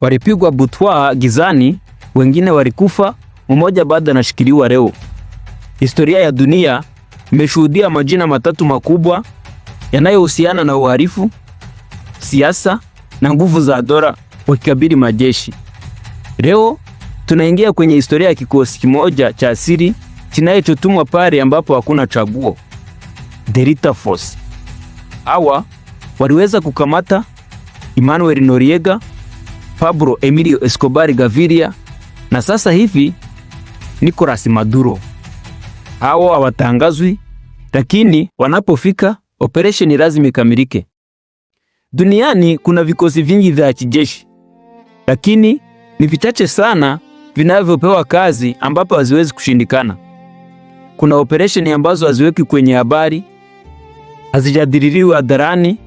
walipigwa butwa gizani, wengine walikufa, mmoja bado anashikiliwa leo. Historia ya dunia imeshuhudia majina matatu makubwa yanayohusiana na uhalifu, siasa na nguvu za dola wakikabili majeshi. Leo tunaingia kwenye historia ya kikosi kimoja cha asili kinachotumwa pale ambapo hakuna chaguo, Delta Force. Hawa waliweza kukamata Emmanuel Noriega Pablo Emilio Escobar Gaviria na sasa hivi Nicolas Maduro. Hao hawatangazwi, lakini wanapofika operesheni lazima ikamilike. Duniani kuna vikosi vingi vya kijeshi, lakini ni vichache sana vinavyopewa kazi ambapo haziwezi kushindikana. Kuna operesheni ambazo haziweki kwenye habari, hazijadiririwa hadharani,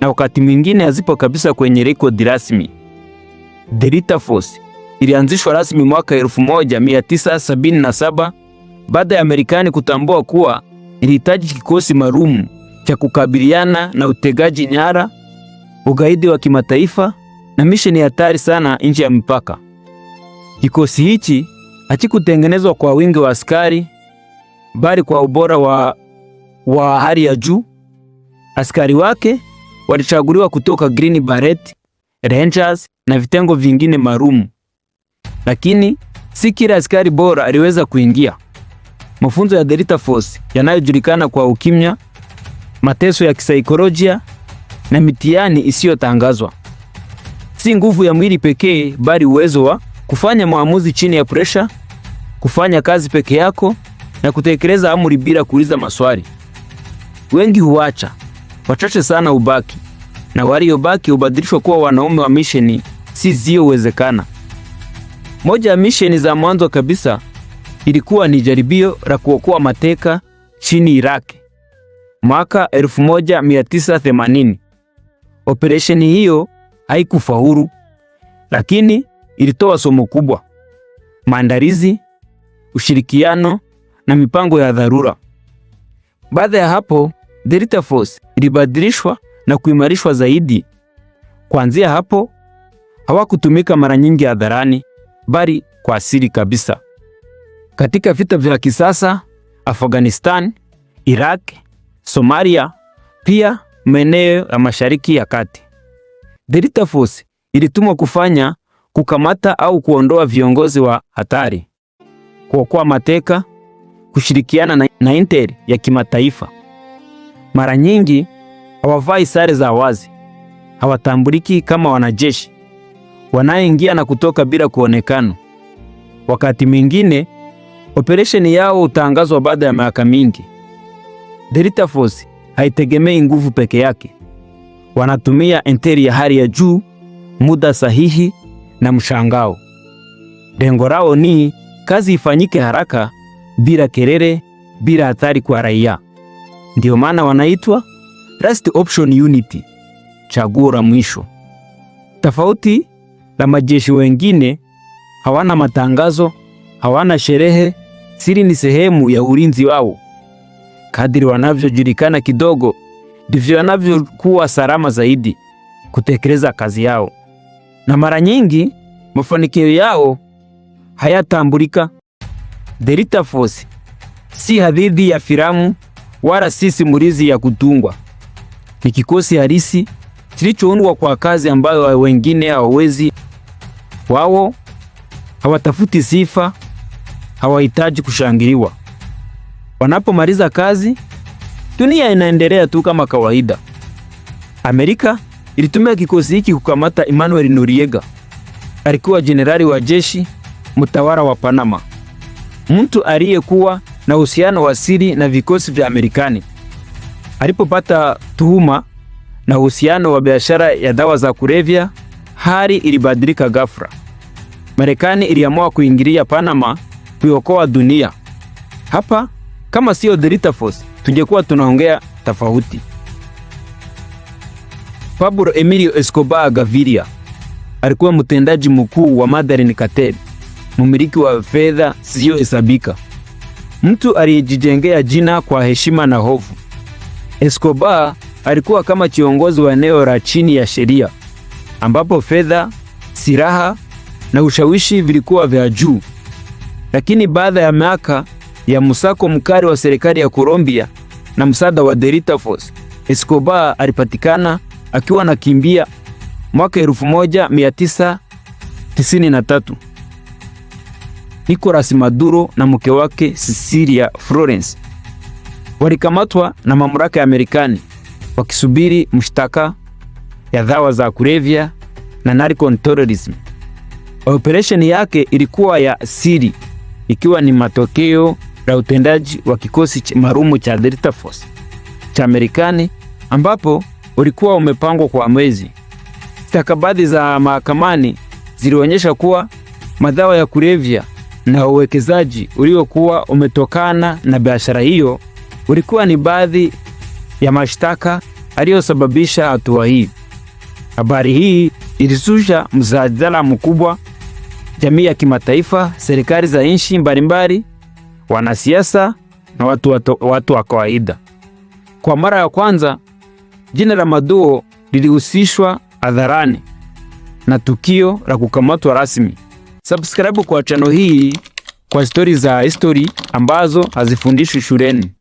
na wakati mwingine hazipo kabisa kwenye rekodi rasmi. Delta Force ilianzishwa rasmi mwaka 1977 baada ya Marekani kutambua kuwa ilihitaji kikosi maalum cha kukabiliana na utegaji nyara, ugaidi wa kimataifa na misheni hatari sana nje ya mipaka. Kikosi hichi hakikutengenezwa kwa wingi wa askari, bali kwa ubora wa, wa hali ya juu. Askari wake walichaguliwa kutoka Green Beret Rangers na vitengo vingine maalum, lakini si kila askari bora aliweza kuingia. Mafunzo ya Delta Force yanayojulikana kwa ukimya, mateso ya kisaikolojia na mitihani isiyotangazwa. Si nguvu ya mwili pekee, bali uwezo wa kufanya maamuzi chini ya presha, kufanya kazi peke yako na kutekeleza amri bila kuuliza maswali. Wengi huacha, wachache sana ubaki na waliobaki hubadilishwa kuwa wanaume wa misheni zisizowezekana. Moja ya misheni za mwanzo kabisa ilikuwa ni jaribio la kuokoa mateka chini Iraki mwaka 1980. Operesheni hiyo haikufaulu, lakini ilitoa somo kubwa: maandalizi, ushirikiano na mipango ya dharura. Baada ya hapo, Delta Force ilibadilishwa na kuimarishwa zaidi. Kuanzia hapo, hawakutumika mara nyingi hadharani, bali kwa siri kabisa. Katika vita vya kisasa Afghanistan, Iraq, Somalia, pia maeneo ya Mashariki ya Kati, Delta Force ilitumwa kufanya kukamata au kuondoa viongozi wa hatari, kuokoa mateka, kushirikiana na, na intel ya kimataifa. Mara nyingi hawavai sare za wazi, hawatambuliki kama wanajeshi, wanaingia na kutoka bila kuonekana. Wakati mwingine operesheni yao hutangazwa baada ya miaka mingi. Delta Force haitegemei nguvu peke yake, wanatumia enteri ya hali ya juu, muda sahihi na mshangao. Lengo lao ni kazi ifanyike haraka, bila kelele, bila hatari kwa raia. Ndio maana wanaitwa Last option unity, chaguo la mwisho. Tofauti la majeshi wengine, hawana matangazo, hawana sherehe. Siri ni sehemu ya ulinzi wao. Kadiri wanavyojulikana kidogo, ndivyo wanavyokuwa salama zaidi kutekeleza kazi yao, na mara nyingi mafanikio yao hayatambulika. Delta Force si hadithi ya filamu wala si simulizi ya kutungwa ni kikosi halisi kilichoundwa kwa kazi ambayo wengine hawawezi. Wao hawatafuti sifa, hawahitaji kushangiliwa. Wanapomaliza kazi, dunia inaendelea tu kama kawaida. Amerika ilitumia kikosi hiki kukamata Emmanuel Noriega. Alikuwa jenerali wa jeshi mtawala wa Panama, mtu aliyekuwa na uhusiano wa siri na vikosi vya Amerikani. Alipopata tuhuma na uhusiano wa biashara ya dawa za kulevya, hali ilibadilika ghafla. Marekani iliamua kuingilia Panama kuiokoa dunia. Hapa kama sio Force, tungekuwa tunaongea tofauti. Pablo Emilio Escobar Gaviria alikuwa mtendaji mkuu wa Medellin Cartel, mmiliki wa fedha siyo hesabika, mtu aliyejijengea jina kwa heshima na hofu. Escobar alikuwa kama kiongozi wa eneo la chini ya sheria ambapo fedha, silaha na ushawishi vilikuwa vya juu. Lakini baada ya miaka ya msako mkali wa serikali ya Colombia na msaada wa Delta Force, Escobar alipatikana akiwa anakimbia mwaka 1993. Nicolas Maduro na mke wake Cecilia Florence walikamatwa na mamlaka ya Marekani wakisubiri mshtaka ya dawa za kulevya na narco terrorism. Operation yake ilikuwa ya siri, ikiwa ni matokeo la utendaji wa kikosi marumu cha Delta Force cha Marekani, ambapo ulikuwa umepangwa kwa mwezi. Stakabadhi za mahakamani zilionyesha kuwa madawa ya kulevya na uwekezaji uliokuwa umetokana na biashara hiyo ulikuwa ni baadhi ya mashtaka aliyosababisha hatua hii. Habari hii ilizusha mjadala mkubwa jamii ya kimataifa, serikali za nchi mbalimbali, wanasiasa na watu, watu, watu wa kawaida. Kwa mara ya kwanza jina la Maduo lilihusishwa hadharani na tukio la kukamatwa rasmi. Subscribe kwa channel hii kwa stori za history ambazo hazifundishwi shuleni.